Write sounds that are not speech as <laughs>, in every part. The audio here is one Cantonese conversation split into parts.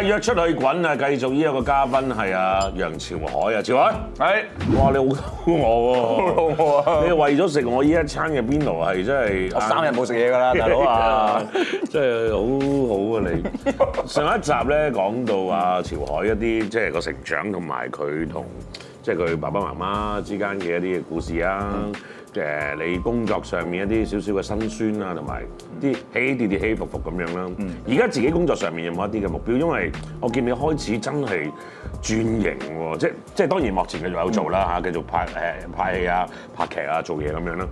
約出去滾啊！繼續呢一個嘉賓係阿楊潮凱啊，潮凱，係、哎、哇！你好肚餓喎、啊， <laughs> <laughs> 你為咗食我呢一餐嘅 bento 係真係我三日冇食嘢㗎啦，大佬啊，真係好好啊！你 <laughs> 上一集咧講到話、啊、潮凱一啲即係個成長同埋佢同即係佢爸爸媽媽之間嘅一啲嘅故事啊。嗯誒，你工作上面一啲少少嘅辛酸啊，同埋啲起起跌跌起起伏伏咁樣啦。而家、嗯、自己工作上面有冇一啲嘅目標？因為我見你開始真係轉型喎、啊，即即當然幕前嘅仲有做啦、啊、嚇，繼續拍誒、嗯、拍戲啊、拍劇啊、劇啊做嘢咁樣啦。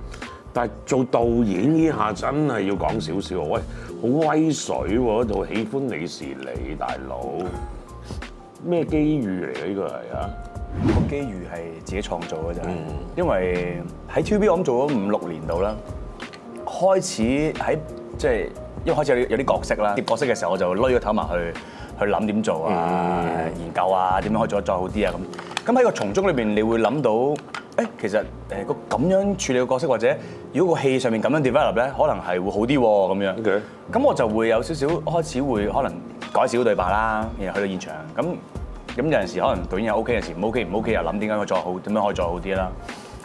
但係做導演呢下真係要講少少喎，喂，好威水喎、啊！套《喜歡你是你》，大佬，咩機遇嚟嘅呢個係啊？個機遇係自己創造嘅啫，嗯、因為喺 TVB 我諗做咗五六年度啦，開始喺即係，因為開始有啲角色啦，啲角色嘅時候我就攣咗頭埋去去諗點做啊，嗯、研究啊，點樣可以做得再好啲啊咁。咁喺個從中裏邊，你會諗到，誒、欸、其實誒個咁樣處理個角色，或者如果個戲上面咁樣 develop 咧，可能係會好啲喎咁樣。咁 Okay. 我就會有少少開始會可能改少啲對白啦，然後去到現場咁。咁有陣時可能導演又 OK，有陣時唔 OK，唔 OK 又諗點解佢再好，點樣可以再好啲啦。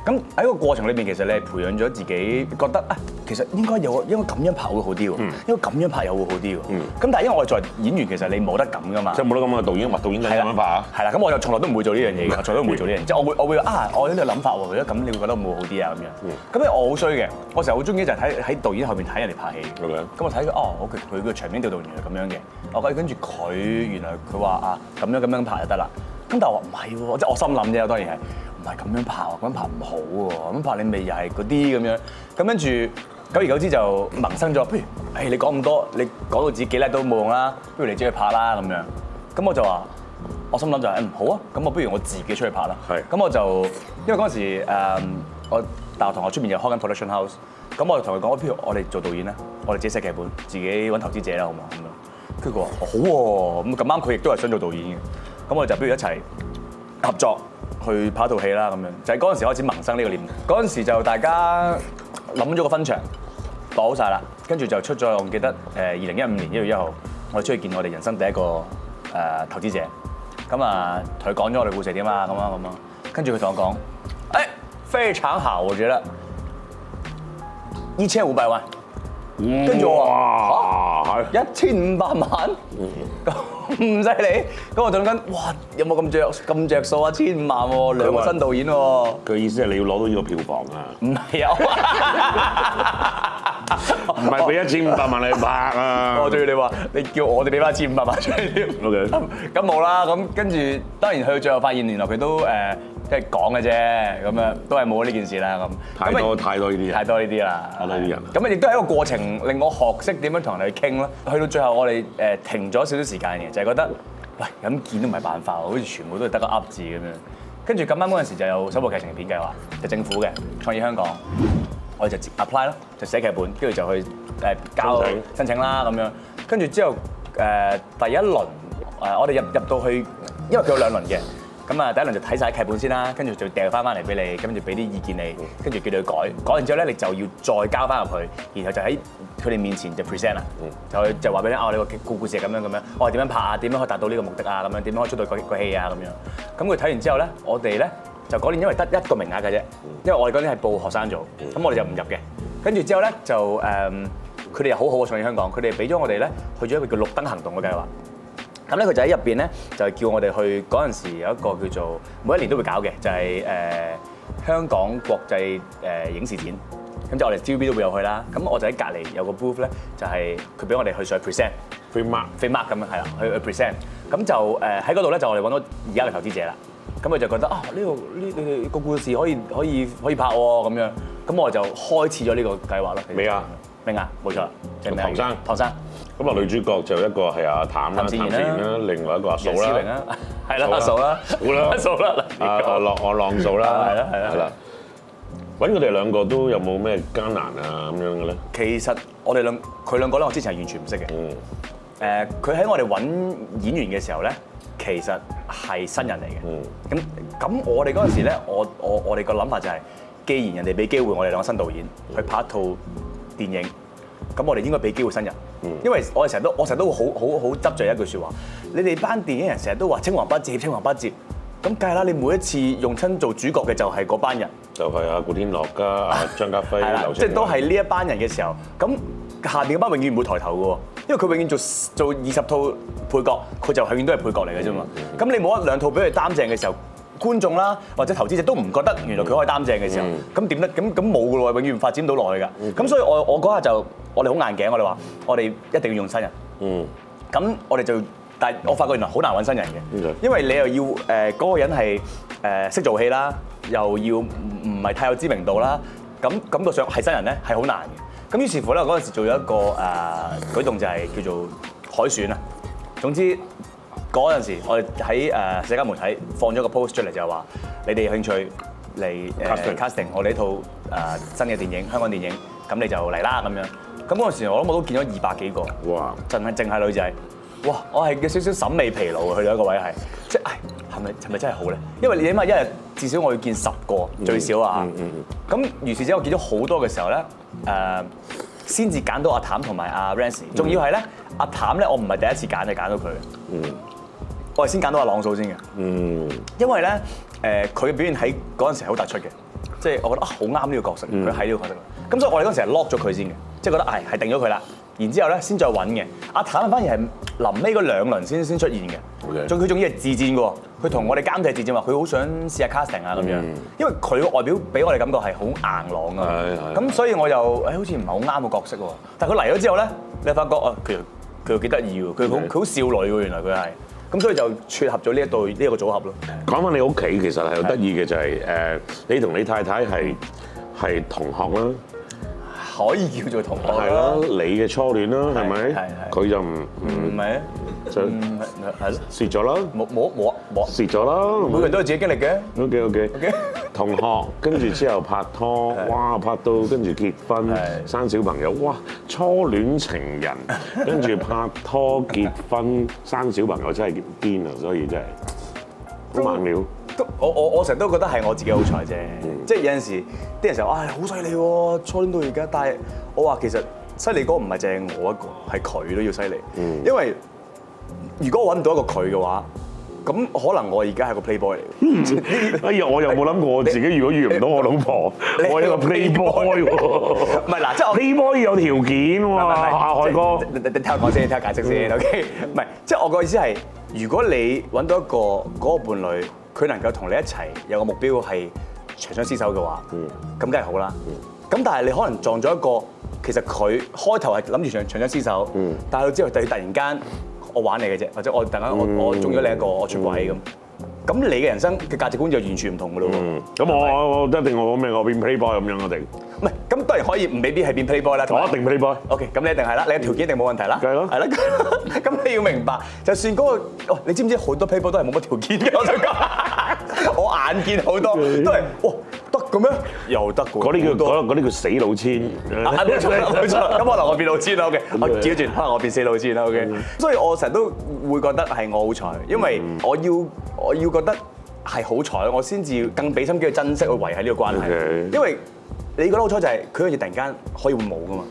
咁喺個過程裏邊，其實你係培養咗自己覺得啊，其實應該有個應該咁樣拍會好啲喎，應該咁樣拍又會好啲喎。咁但係因為我作為演員，其實你冇得咁噶嘛，即係冇得咁嘅導演話導演點樣拍係啦，咁我又從來都唔會做呢樣嘢嘅，從來都唔會做呢樣嘢。即係我會我會啊，我有呢個諗法喎，咁你會覺得會好啲啊咁樣。咁我好衰嘅，我成日好中意就係睇喺導演後面睇人哋拍戲，咁我睇佢哦，佢佢個場面調度員係咁樣嘅，我哦，跟住佢原來佢話啊咁樣咁樣拍就得啦。咁但係我話唔係喎，即係我心諗啫，當然係。唔係咁樣拍啊！咁拍唔好喎，咁拍你咪又係嗰啲咁樣。咁跟住久而久之就萌生咗，不如誒、哎、你講咁多，你講到自己幾叻都冇用啦。不如你自己去拍啦咁樣。咁我就話，我心諗就係唔好啊，咁我不如我自己出去拍啦。係。咁我就因為嗰陣時、嗯、我大學同學出面又開緊 production house，咁我就同佢講，譬如我哋做導演啦，我哋自己寫劇本，自己揾投資者啦，好唔好咁樣？佢話、哦、好喎、啊，咁咁啱佢亦都係想做導演嘅，咁我就不如一齊合作，去拍套戲啦，咁樣就係嗰陣時開始萌生呢個念頭。嗰陣時就大家諗咗個分場，攞好曬啦。跟住就出咗，我記得誒二零一五年一月一號，我哋出去見我哋人生第一個誒投資者。咁啊，同佢講咗我哋故事點啊，咁啊咁啊。跟住佢同我講，誒非常好，我覺得一千五百萬。跟住我嚇，一千五百萬。1, <laughs> 唔犀利，咁我仲諗緊，哇，有冇咁着咁着數啊？千五萬，兩、嗯、個新導演喎。佢喂意思係你要攞到呢個票房啊？唔係有啊，唔係俾一千五百萬你拍啊！我對你話，你叫我哋俾翻千五百萬出嚟添。O K，咁冇啦，咁跟住當然去到最後發現原來佢都誒。呃即係講嘅啫，咁樣都係冇呢件事啦。咁太多就太多呢啲，太多呢啲啦，太多啲人。咁啊嗎，亦都係一個過程，令我學識點樣同人哋傾啦。去到最後，我哋誒停咗少少時間嘅，就係、是、覺得，喂，咁見都唔係辦法喎，好似全部都係得個噏字咁樣。跟住咁啱嗰陣時，就有首部劇情片計劃，就係、政府嘅創意香港，我哋就 apply 咯，就寫劇本，跟住就去誒交申請啦咁體樣。跟住之後誒、呃、第一輪誒、呃、我哋入入到去，因為佢有兩輪嘅。咁啊，第一輪就睇晒劇本先啦，跟住就掟翻翻嚟俾你，跟住俾啲意見你，跟住叫你去改。改完之後咧，你就要再交翻入去，然後就喺佢哋面前就 present 啦，嗯、就就話俾你，哦，你個故事係咁樣咁樣，我哋點樣拍啊？點樣可以達到呢個目的啊？咁樣點樣可以出到個個戲啊？咁樣。咁佢睇完之後咧，我哋咧就嗰年因為得一個名額嘅啫，因為我哋嗰年係報學生做，咁我哋就唔入嘅。跟住之後咧就誒，佢哋又好好嘅創意香港，佢哋俾咗我哋咧去咗一個叫綠燈行動嘅計劃。咁咧佢就喺入邊咧，就係叫我哋去嗰陣時有一個叫做每一年都會搞嘅，就係誒香港國際誒影視展，咁就我哋 TVB 都會有去啦。咁我就喺隔離有個 booth 咧，就係佢俾我哋去上 present，film mark，film mark 咁樣係啦，去 present。咁就誒喺嗰度咧，就我哋揾到而家嘅投資者啦。咁佢就覺得啊，呢個呢個個故事可以可以可以拍喎咁樣。咁我就開始咗呢個計劃啦。明啊，明啊，冇錯啦，就唐生。唐生咁啊，女主角就一個係阿譚啦，譚健兒啦，另外一個阿蘇啦，係啦，阿蘇啦，好、啊、啦，阿蘇啦，阿我浪我浪蘇啦，係啦對了，係啦，係啦，揾佢哋兩個都有冇咩艱難啊咁樣嘅咧？其實、嗯、我哋兩佢兩個咧，我之前係完全唔識嘅。嗯。誒，佢喺我哋揾演員嘅時候咧，其實係新人嚟嘅。咁咁，我哋嗰陣時咧，我我我哋個諗法就係，既然人哋俾機會我哋兩個新導演去拍一套電影。咁我哋應該俾機會新人，因為我哋成日都我成日都好好好執着一句説話，你哋班電影人成日都話青黃不接青黃不接，咁梗係啦，你每一次用親做主角嘅就係嗰班人，就係阿古天樂加阿張家輝， <laughs> 劉青雲即係都係呢一班人嘅時候，咁下邊嗰班永遠唔會抬頭嘅喎，因為佢永遠做做二十套配角，佢就永遠都係配角嚟嘅啫嘛，咁你冇一兩套俾佢擔正嘅時候，觀眾啦，或者投資者都唔覺得原來佢可以擔正嘅時候，咁點得？咁咁冇嘅永遠發展到落去㗎。咁、嗯、所以我我嗰下就我哋好硬頸，我哋話我哋一定要用新人。嗯。咁我哋就，但係我發覺原來好難揾新人嘅。嗯、因為你又要誒嗰、嗰個人係誒識做戲啦，又要唔唔係太有知名度啦，咁感覺上係新人咧，係好難。咁於是乎咧，嗰陣時、時做咗一個誒、呃、舉動就係叫做海選啦。總之。總之嗰陣時，我哋喺誒社交媒體放咗個 post 出嚟，就係話你哋有興趣嚟 casting 我哋呢套誒新嘅電影，香港電影，咁你就嚟啦咁樣。咁嗰陣時，我諗我都見咗二百幾個，哇！淨係淨係女仔，哇！我係有少少審美疲勞去到一個位係，即係係咪係咪真係好咧？因為你起碼一日至少我要見十個最少啊。咁於、嗯嗯嗯嗯、是之後我見咗好多嘅時候咧，誒先至揀到阿譚同埋阿 Rance，仲要係咧阿譚咧，我唔係第一次揀就揀到佢。嗯嗯。我係先揀到阿朗數先嘅，因為咧誒佢嘅表現喺嗰陣時係好突出嘅，即係我覺得啊好啱呢個角色，佢喺呢個角色。咁所以我哋嗰陣時係 lock 咗佢先嘅，即係覺得唉係、哎、定咗佢啦。然之後咧先再揾嘅，阿坦，反而係臨尾嗰兩輪先先出現嘅。仲佢仲要係自薦嘅喎，佢同我哋監製自薦話，佢好想試下 casting 啊咁樣，因為佢個外表俾我哋感覺係好硬朗啊。咁所以我又誒好似唔係好啱個角色喎，但係佢嚟咗之後咧，你發覺啊，佢佢又幾得意喎，佢好佢好少女喎，原來佢係。咁所以就撮合咗呢一對呢一個組合咯。講翻你屋企，其實係得意嘅就係、是、誒的、呃，你同你太太係係同學啦。嗯可以叫做同學係啦，你嘅初戀啦，係咪？佢就唔唔唔係啊，就唔係係咯，蝕咗啦，冇冇冇冇蝕咗啦，每個人都有自己經歷嘅。O K O K O K，同學跟住之後拍拖，哇拍到跟住結婚生小朋友，哇初戀情人跟住拍拖結婚生小朋友真係癲啊！所以真係好猛料。我我我成日都覺得係我自己好彩啫，即係有陣時啲人成日唉，好犀利喎，初戀到而家。但係我話其實犀利哥唔係淨係我一個，係佢都要犀利。因為如果揾唔到一個佢嘅話，咁可能我而家係個 playboy 嚟嘅。 <laughs> 哎呀，我又冇諗過我自己如果遇唔到我老婆，我係如果 你一個 playboy。唔 <laughs> 係嗱，即係 playboy 要有條件喎、啊，阿、 <laughs> 啊、海哥。你你你聽我講先，聽我解釋先，OK？唔係、嗯，DP，即係我個意思係，如果你揾到一個嗰、嗰個伴侶。佢能夠同你一齊有一個目標係長相廝守嘅話，咁梗係好啦。咁、嗯、但係你可能撞咗一個，其實佢開頭係諗住長長相廝守，嗯、但係到之後突突然間我玩你嘅啫，或者我突然間我我中咗你一個我出位咁，咁、嗯、你嘅人生嘅價值觀就完全唔同㗎咯。咁、嗯、是我我一定我咩我變 playboy 咁樣我哋唔係？咁當然可以唔未必係變 playboy 啦。我一定 playboy。OK，咁你一定係啦，你嘅條件一定冇問題啦。係啦。咁你要明白，就算嗰、那個你知唔知好多 playboy 都係冇乜條件嘅，我 <laughs> <laughs> 我眼見好多都係，哇得嘅咩？又得嗰啲叫嗰嗰啲叫死老千。 <laughs> 冇錯 <laughs> 我嚟、okay, <laughs> 我變老千啦 OK，我可能我變死老千啦 OK。 <laughs> 所以我成日都會覺得係我好彩，因為我要我要覺得係好彩，我先至更俾心機去珍惜去維係呢個關係， <laughs> Okay. 因為。你覺得好彩就係佢樣嘢突然間可以會冇噶嘛？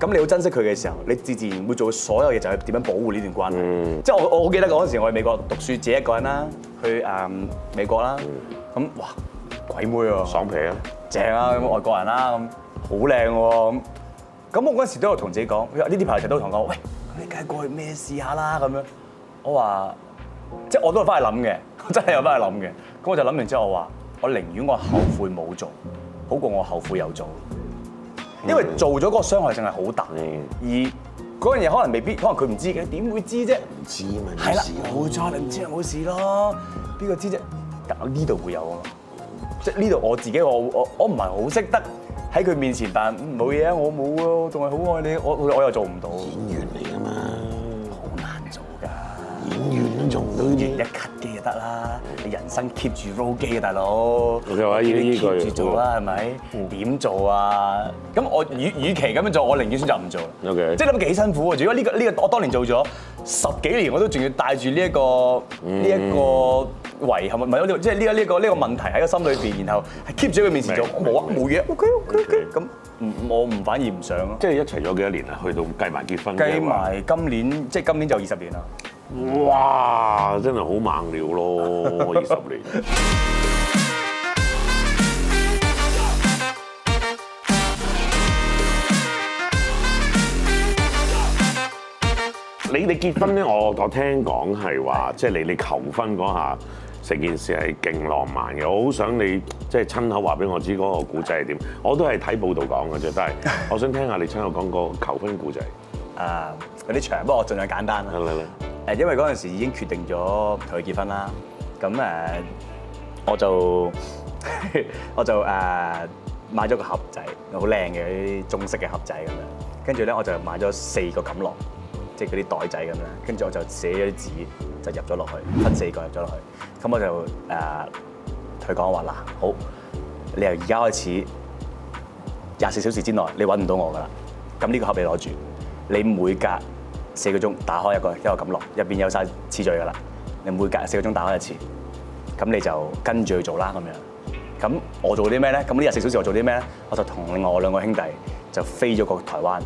咁你好珍惜佢嘅時候，你自自然會做所有嘢，就係點樣保護呢段關係。即係我我好記得嗰陣時，我喺美國讀書，自己一個人啦，去誒美國啦。咁哇，鬼妹啊，爽皮啊那，正啊，咁正、嗯、外國人啦，咁好靚喎、啊。咁我嗰陣時都有同自己講，呢啲朋友都同講，喂，你梗係過去咩試下啦咁樣。我話即係我都係翻去諗嘅，我真係有翻去諗嘅。咁我就諗完之後，我話我寧願我後悔冇做。好過我後悔有做，因為做咗嗰個傷害性係好大，嗯、而嗰樣嘢可能未必，可能佢唔知嘅，點會知啫？唔知咪冇事，冇錯，你唔知咪冇事咯。邊個知啫？搞呢度會有啊嘛，即係呢度我自己我我我唔係好識得喺佢面前，但冇嘢啊，我冇啊，我仲係好愛你，我我又做唔到。演員嚟㗎嘛。演員做到一咳機就得啦，人生 keep 住 low 機啊，大佬，我話依依句，keep 住做啦，係咪？點做啊？咁我與與其咁樣做，我寧願選擇唔做。OK，即係諗幾辛苦啊？如果呢個呢個，我當年做咗十幾年，我都仲要帶住呢一個呢一個遺憾啊！唔係，即係呢個呢個呢個問題喺個心裏邊，然後 keep 住喺佢面前做，冇冇嘢。OK OK OK，咁我唔反而唔想咯。即係一齊咗幾多年啊？去到計埋結婚，計埋今年即係今年就二十年啦。哇！真係好猛料咯，二十年。 <laughs> 你哋結婚咧，我我聽講係話，即係你你求婚嗰下成件事係勁浪漫嘅。我好想你即係親口話俾我知嗰個故仔係點。我都係睇報道講嘅啫，但係我想聽下你親口講個求婚故仔。啊，嗰啲長，不過我盡量簡單啦。嚟嚟。誒，因為嗰陣時已經決定咗同佢結婚啦，咁誒，我就我就誒買咗個盒仔，好靚嘅啲中式嘅盒仔咁樣，跟住咧我就買咗四個錦囊，即係嗰啲袋仔咁樣，跟住我就寫咗啲字就入咗落去，分四個入咗落去，咁我就誒同佢講話，嗱，好，你由而家開始廿四小時之內你揾唔到我噶啦，咁呢個盒畀你攞住，你每隔四個鐘打開一個，一個咁落，入邊有晒次序噶啦。你每隔四個鐘打開一次，咁你就跟住去做啦咁樣。咁我做啲咩咧？咁呢日四小時我做啲咩咧？我就同另外兩個兄弟就飛咗過台灣。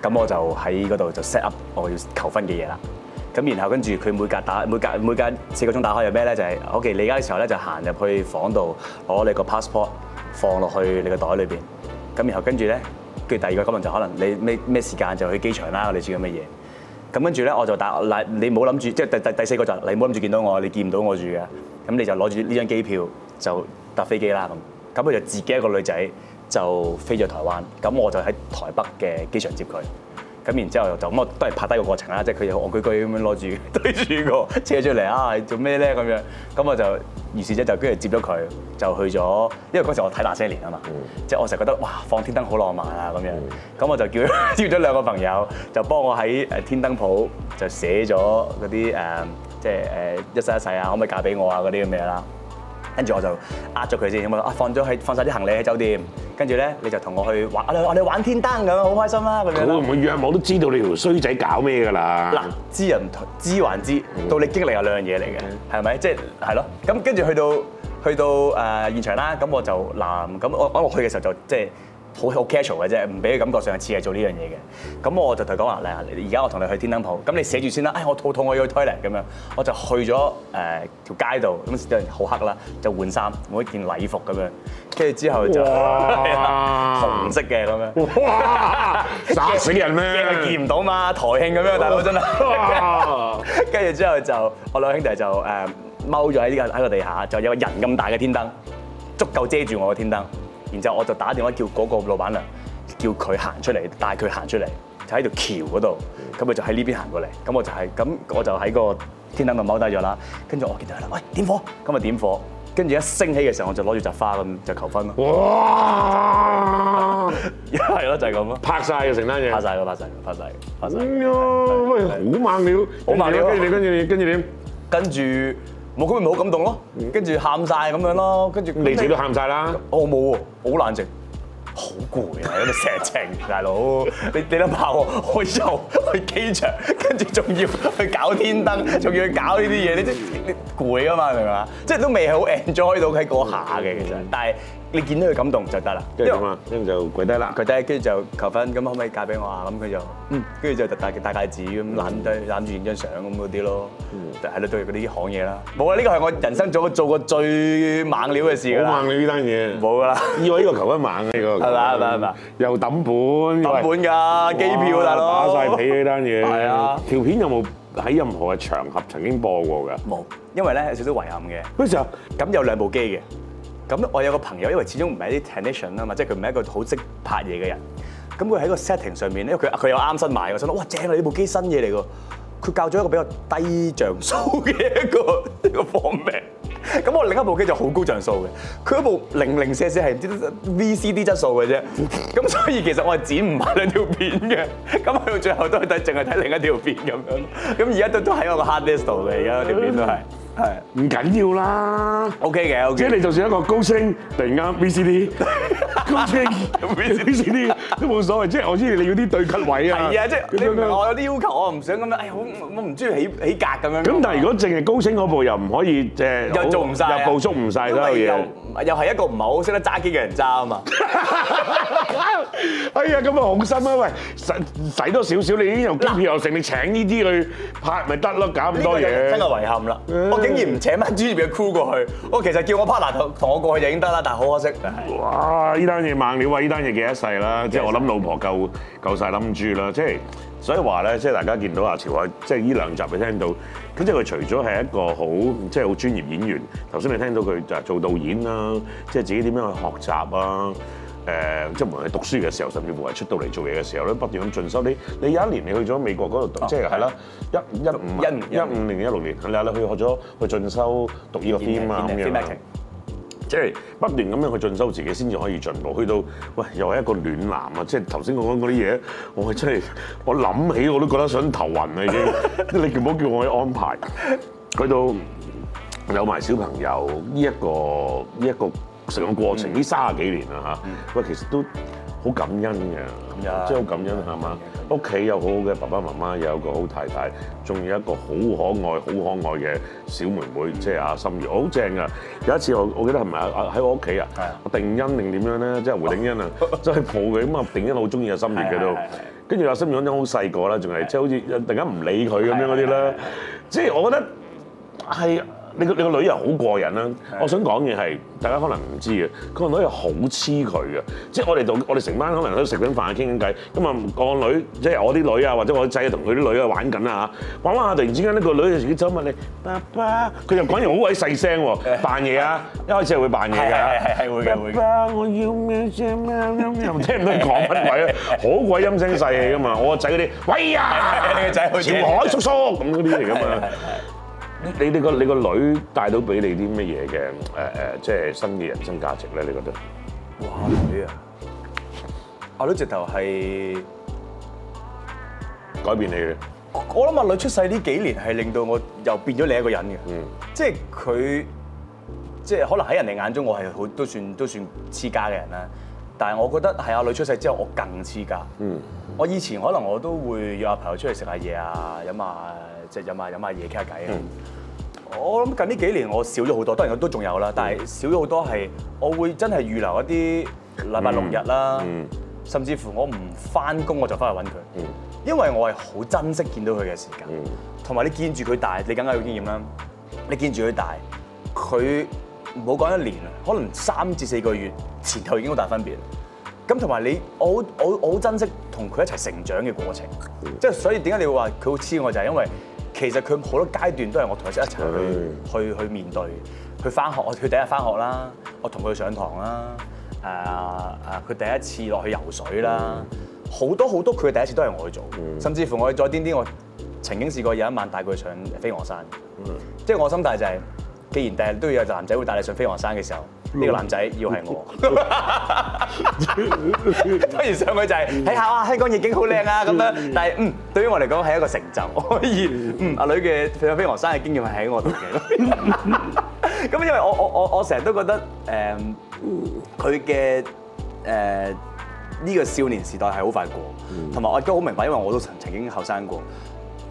咁我就喺嗰度就 set up 我要求婚嘅嘢啦。咁然後跟住佢每隔打每隔每隔四個鐘打開有咩咧？就係 OK，你而家嘅時候咧，就行入去房度攞你個 passport 放落去你個袋裏邊。咁然後跟住咧。跟住第二個可能就可能你咩咩時間就去機場啦，你知咁咩嘢？咁跟住咧，我就搭嗱，你唔好諗住，即係第第第四個就係，你唔好諗住見到我，你見唔到我住嘅，咁你就攞住呢張機票就搭飛機啦咁。咁佢就自己一個女仔就飛咗台灣，咁我就喺台北嘅機場接佢。咁然之後就咁我都係拍低個過程啦，即係佢又戇居居咁樣攞住對住個車出嚟啊，做咩咧咁樣？咁我就於是咧就跟住接咗佢，就去咗，因為嗰時我睇那些年啊嘛，即係、就是、我成日覺得哇，放天燈好浪漫啊咁樣，咁、嗯、我就叫叫咗兩個朋友，就幫我喺誒天燈鋪就寫咗嗰啲誒，即係誒一生一世啊，可唔可以嫁俾我啊嗰啲咁嘢啦。跟住我就壓咗佢先，咁啊放咗喺放曬啲行李喺酒店，跟住咧你就同我去玩，我哋玩天燈咁樣，好開心啦咁樣。會唔會約，我都知道你條衰仔搞咩㗎啦。嗱，知人知還知，到你經歷有兩樣嘢嚟嘅，係咪？即係係咯。咁跟住去到去到誒現場啦，咁我就嗱咁我我落去嘅時候就即係。就是好好 casual 嘅啫，唔俾佢感覺上似係做呢樣嘢嘅。咁我就同佢講話，咧，而家我同你去天燈鋪。咁你寫住先啦。哎，我肚痛，我要去廁所咁樣。我就去咗誒條街度，咁時陣好黑啦，就換衫，換一件禮服咁哇 <laughs> 樣。跟住 <laughs> <laughs> 哇 之後就紅色嘅咁樣。哇！殺死人咩？見唔到嘛，台慶咁樣，大佬真係。跟住之後就我兩兄弟就誒踎咗喺呢個喺個地下，就有個人咁大嘅天燈，足夠遮住我嘅天燈。然之後我就打電話叫嗰個老闆娘，叫佢行出嚟，帶佢行出嚟，就喺條橋嗰度，咁佢就喺呢邊行過嚟，咁我就係，咁我就喺個天燈度踎低咗啦，跟住我見到佢啦，喂，點火，咁咪點火，跟住一升起嘅時候我就攞住扎花咁就求婚咯，哇，係咯就係咁咯，拍晒，嘅成單嘢，拍晒，咯拍晒。拍晒。拍曬，好猛料，好猛料，跟住你跟住你跟住你。跟住。冇，佢咪好感動咯，跟住喊晒咁樣咯，跟住你自己都喊晒啦。我冇喎，好難食，好攰啊！喺度成日大佬，你你都我開咗去機場，跟住仲要去搞天燈，仲要去搞呢啲嘢，你真係攰啊嘛，明唔明？即係都未係好 enjoy 到喺嗰下嘅， <laughs> 其實， <laughs> 但係。你見到佢感動就得啦，因為因為就跪低啦，跪低，跟住就求婚，咁可唔可以嫁俾我啊？咁佢就嗯，跟住就戴戴戒指咁攬對攬住影張相咁嗰啲咯，係咯，都係嗰啲行嘢啦。冇啊！呢個係我人生做過做過最猛料嘅事。好猛料呢單嘢，冇噶啦。以為呢個求婚猛呢個，係又揼本，揼本㗎機票大佬，打曬皮呢單嘢。係啊，條片有冇喺任何嘅場合曾經播過㗎？冇，因為咧有少少遺憾嘅。嗰時候咁有兩部機嘅。咁我有個朋友，因為始終唔係啲 technician 啊嘛，即係佢唔係一個好識拍嘢嘅人。咁佢喺個 setting 上面咧，因為佢佢又啱新買，我想諗哇正你呢部機新嘢嚟㗎。佢教咗一個比較低像素嘅一個一個方面。咁我另一部機就好高像素嘅。佢部零零四四係 VCD 質素嘅啫。咁所以其實我係剪唔埋兩條片嘅。咁去到最後都係淨係睇另一條片咁樣。咁而家都都喺我個 hard disk 度嚟㗎，條片都係。啊、係唔緊要啦，OK 嘅，okay 即係你就算一個高清，突然間 V C D <laughs> 高清 V C D 都冇 <laughs> 所謂，即係我知你要啲對吉位啊，係啊，即係你我有啲要求，我唔想咁樣，哎好我唔中意起起格咁樣。咁但係如果淨係高清嗰部又唔可以，即、呃、係又做唔晒，又捕捉唔晒所有嘢。又係一個唔係好識得揸機嘅人揸啊嘛！ <laughs> 哎呀，咁啊好心啊！喂，使使多少少，你已經用機票又成你請呢啲去拍咪得咯，搞咁多嘢。真係遺憾啦！嗯、我竟然唔請班專業嘅 crew 過去，我其實叫我 partner 同我過去就已經得啦，但係好可惜就係。哇！呢單嘢猛料啊！呢單嘢記一世啦！即係其實 我諗老婆夠夠晒冧住啦，即係。所以話咧，即係大家見到阿潮啊，即係呢兩集你聽到，咁即係佢除咗係一個好，即係好專業演員。頭先你聽到佢就係做導演啦、呃，即係自己點樣去學習啊？誒，即係無論係讀書嘅時候，甚至乎係出到嚟做嘢嘅時候咧，不斷咁進修。你你有一年你去咗美國嗰度讀，即係係啦，一一五一五年、一六年，你話你去學咗去進修讀呢個 film 啊咁樣。15，即係不斷咁樣去進修自己，先至可以進步。去到，喂，又係一個暖男啊！即係頭先我講嗰啲嘢，我係真係我諗起我都覺得想頭暈啦已經。 <laughs> 你唔好叫我去安排。去到有埋小朋友，呢一個呢一個成長過程，呢三十幾年啦嚇。嗯、喂，其實都。好感恩嘅，即係好感恩係嘛！屋企有好好嘅爸爸媽媽，有個好太太，仲有一個好可愛、好可愛嘅小妹妹，即係阿心如，好正噶！有一次我我記得係咪阿喺我屋企啊？我定欣定點樣咧？即係胡定欣啊，即係抱佢咁啊！定欣好中意阿心如嘅都，跟住阿心如嗰陣好細個啦，仲係即係好似突然間唔理佢咁樣嗰啲啦，即係我覺得係。你個你個女又好過癮啦，啊！是的 我想講嘅係，大家可能唔知嘅，個女又好黐佢嘅，即係我哋度，我哋成班可能都食緊飯傾緊偈，咁啊個女，即係我啲女啊，或者我啲仔同佢啲女玩啊玩緊啊嚇，玩玩下突然之間呢個女就自己走埋嚟：「爸爸，佢又講完好鬼細聲喎，扮嘢啊，一開始係會扮嘢㗎，係係會嘅會。爸爸，我要咩咩咩，又聽唔到講乜鬼啊，好鬼陰聲細氣㗎嘛，我個仔嗰啲喂啊，仔，前海叔叔咁嗰啲嚟㗎嘛。的你你個你個女帶到俾你啲乜嘢嘅誒誒、即係新嘅人生價值咧？你覺得？哇女啊！阿女直頭係改變你嘅。我諗阿女出世呢幾年係令到我又變咗另一個人嘅。嗯，即。即係佢，即係可能喺人哋眼中我係好都算都算黐家嘅人啦。但係我覺得係阿女出世之後我更黐家。嗯。我以前可能我都會約阿朋友出去食下嘢啊，飲下。即係飲下飲下嘢傾下偈啊！我諗近呢幾年我少咗好多，當然我都仲有啦，但係少咗好多係我會真係預留一啲禮拜六日啦，嗯、甚至乎我唔翻工我就翻去揾佢，嗯、因為我係好珍惜見到佢嘅時間。同埋、嗯、你見住佢大，你更加有經驗啦。你見住佢大，佢唔好講一年，可能三至四個月前頭已經好大分別。咁同埋你，我我我好珍惜同佢一齊成長嘅過程。即係所以點解你會話佢好黐我，就係、是、因為。其實佢好多階段都係我同佢一齊去去去面對，佢翻學，我佢第一日翻學啦，我同佢上堂啦，誒誒，佢第一次落去游水啦，好多好多佢第一次都係我去做，甚至乎我再癲啲，我曾經試過有一晚帶佢去上飛鵝山，即係、嗯、我心態就係、是，既然第日都要有男仔會帶你上飛鵝山嘅時候。呢個男仔要係我、 <laughs> 就是，不如上去就係睇下香港夜景好靚啊咁樣。但係嗯，對於我嚟講係一個成就，可以嗯，阿女嘅《飛上飛鵝山》嘅經驗係喺我度嘅。咁因為我我我我成日都覺得誒，佢嘅誒呢個少年時代係好快過，同埋我亦都好明白，因為我都曾曾經後生過，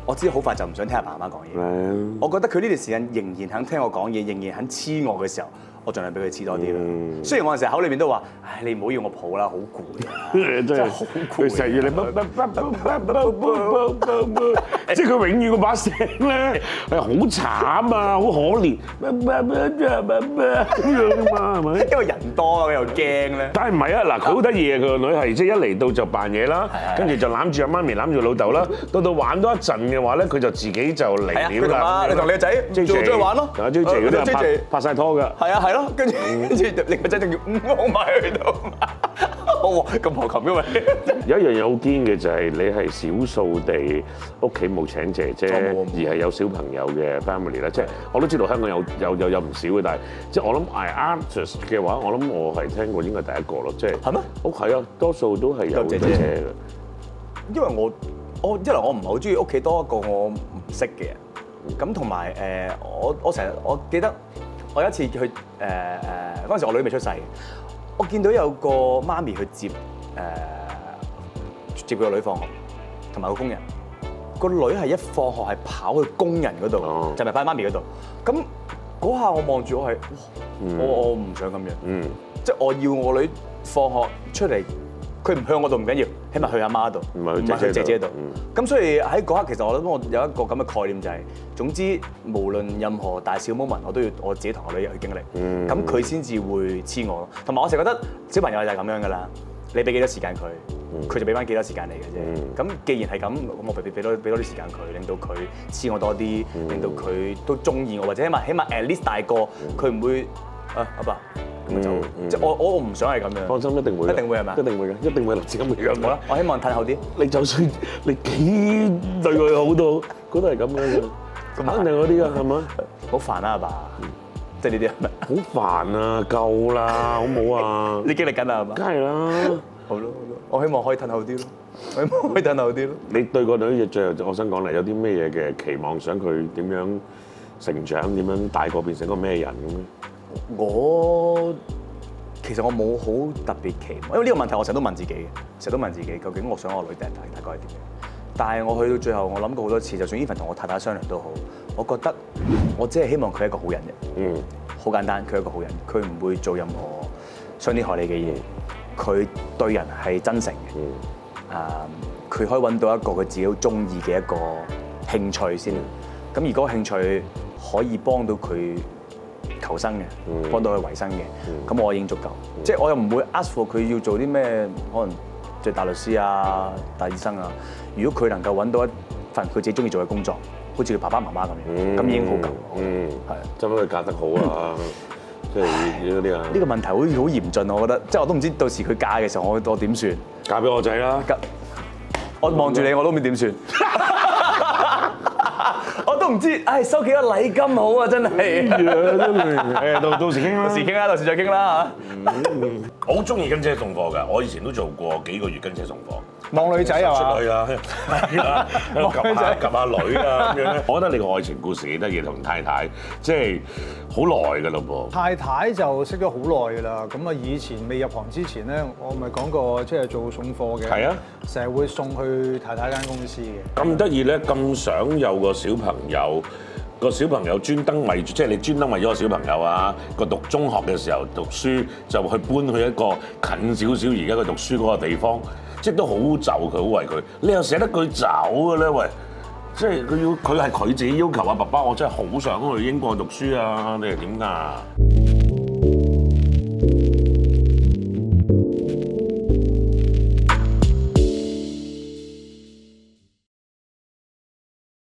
我知好快就唔想聽阿爸阿媽講嘢。 <laughs> 我覺得佢呢段時間仍然肯聽我講嘢，仍然肯黐我嘅時候。我盡量俾佢黐多啲啦。雖然我成日口裏邊都話，唉，你唔好要我抱啦，好攰。真係好攰。佢成日要你冇冇冇冇冇冇冇冇，即係佢永遠嗰把聲咧，係好慘啊，好可憐。冇冇冇冇冇冇，咁樣啊嘛，係咪？因為人多啊，佢又驚咧。但係唔係啊？嗱，佢好得意啊！佢個女係即係一嚟到就扮嘢啦，跟住就攬住阿媽咪，攬住老豆啦。到到玩多一陣嘅話咧，佢就自己就嚟了啦。你同你個仔 J J 玩咯，同阿 J J 嗰啲拍拍曬拖㗎。係啊，係跟 <laughs> 住，跟住你個仔仲要五毫買去度，咁豪琴嘅咪。因為 <laughs> 有一樣嘢好堅嘅就係、是、你係少數地屋企冇請姐姐，而係有小朋友嘅 family 咧、就是。即係我都知道香港有有有有唔少嘅，但係即係我諗 I Amers 嘅話，我諗我係聽過應該第一個咯。即係係咩？屋係嗎、哦、啊，多數都係有、嗯、姐姐嘅。因為我我因為我唔係好中意屋企多一個我唔識嘅人。咁同埋誒，我我成日我記得。我有一次去誒誒，嗰、呃、陣時我女未出世，我見到有個媽咪去接誒、呃、接個女放學，同埋個工人個女係一放學係跑去工人嗰度，嗯、就唔係媽咪嗰度。咁嗰下我望住我係，我我唔想咁樣，即係、嗯、我要我女放學出嚟。佢唔向我度唔緊要，起碼去阿媽度，唔係去姐姐度。咁所以喺嗰刻，其實我諗我有一個咁嘅概念就係，總之無論任何大小 moment，我都要我自己同我女去經歷。咁佢先至會黐我囉。同埋我成日覺得小朋友就係咁樣㗎啦，你俾幾多時間佢，佢就俾翻幾多時間你嘅啫。咁既然係咁，咁我俾俾多俾多啲時間佢，令到佢黐我多啲，令到佢都中意我，或者起碼起碼 at least 大個佢唔會啊阿爸。就即係我我唔想係咁樣。放心，一定會，一定會係嘛？一定會嘅，一定會攬住金嘅。好啦，我希望褪後啲。你就算你幾對佢好到，佢都係咁樣嘅。肯定嗰啲㗎，係嘛？好煩啊，爸，即係呢啲係咪？好煩啊，夠啦，好唔好啊！你經歷緊啦，係嘛？梗係啦。好咯，我希望可以褪後啲咯。我希望可以褪後啲咯。你對個女嘢最後，我想講咧，有啲咩嘢嘅期望，想佢點樣成長，點樣大個變成個咩人咁咧？我其實我冇好特別期望，因為呢個問題我成日都問自己嘅，成日都問自己究竟我想我女定大大概係點樣？但係我去到最後，我諗過好多次，就算依份同我太太商量都好，我覺得我只係希望佢係一個好人嘅，嗯，好簡單，佢係一個好人，佢唔會做任何傷天害理嘅嘢，佢對人係真誠嘅，啊，佢可以揾到一個佢自己好中意嘅一個興趣先，咁如果個興趣可以幫到佢。求生嘅，幫到佢維生嘅，咁、嗯、我已經足夠、嗯。即係我又唔會 ask for 佢要做啲咩，可能即係大律師啊、大醫生啊。如果佢能夠揾到一份佢自己中意做嘅工作，好似佢爸爸媽媽咁樣，咁已經好夠，嗯。嗯，係。真係佢嫁得好啊，即係啲啊。呢個問題好似好嚴峻，我覺得，即係我都唔知到時佢嫁嘅時候，我我點算？嫁俾我仔啦。我望住你，我都唔知點算。唔知，唉、哎、收幾多禮金好啊！真係、 <laughs> 哎，到 <laughs> 到，到時傾到時傾啦，到時再傾啦嚇。 <laughs> 我好中意跟車送貨㗎，我以前都做過幾個月跟車送貨，望女仔啊嘛， <laughs> 女，生 <laughs> 女啊，係啊，撳下撳下女啊。我覺得你個愛情故事幾得意，同太太，即係好耐㗎嘞噃。太太就識咗好耐㗎啦。咁啊，以前未入行之前咧，我咪講過即係、就是、做送貨嘅，係啊，成日會送去太太間公司嘅。咁得意咧，咁想有個小朋友。有個小朋友專登為，即係你專登為咗個小朋友啊，個讀中學嘅時候讀書就去搬去一個近少少，而家佢讀書嗰個地方，即係都好就佢，好為佢。你又捨得佢走嘅咧？喂，即係佢要，佢係佢自己要求啊！爸爸，我真係好想去英國讀書啊！你係點㗎？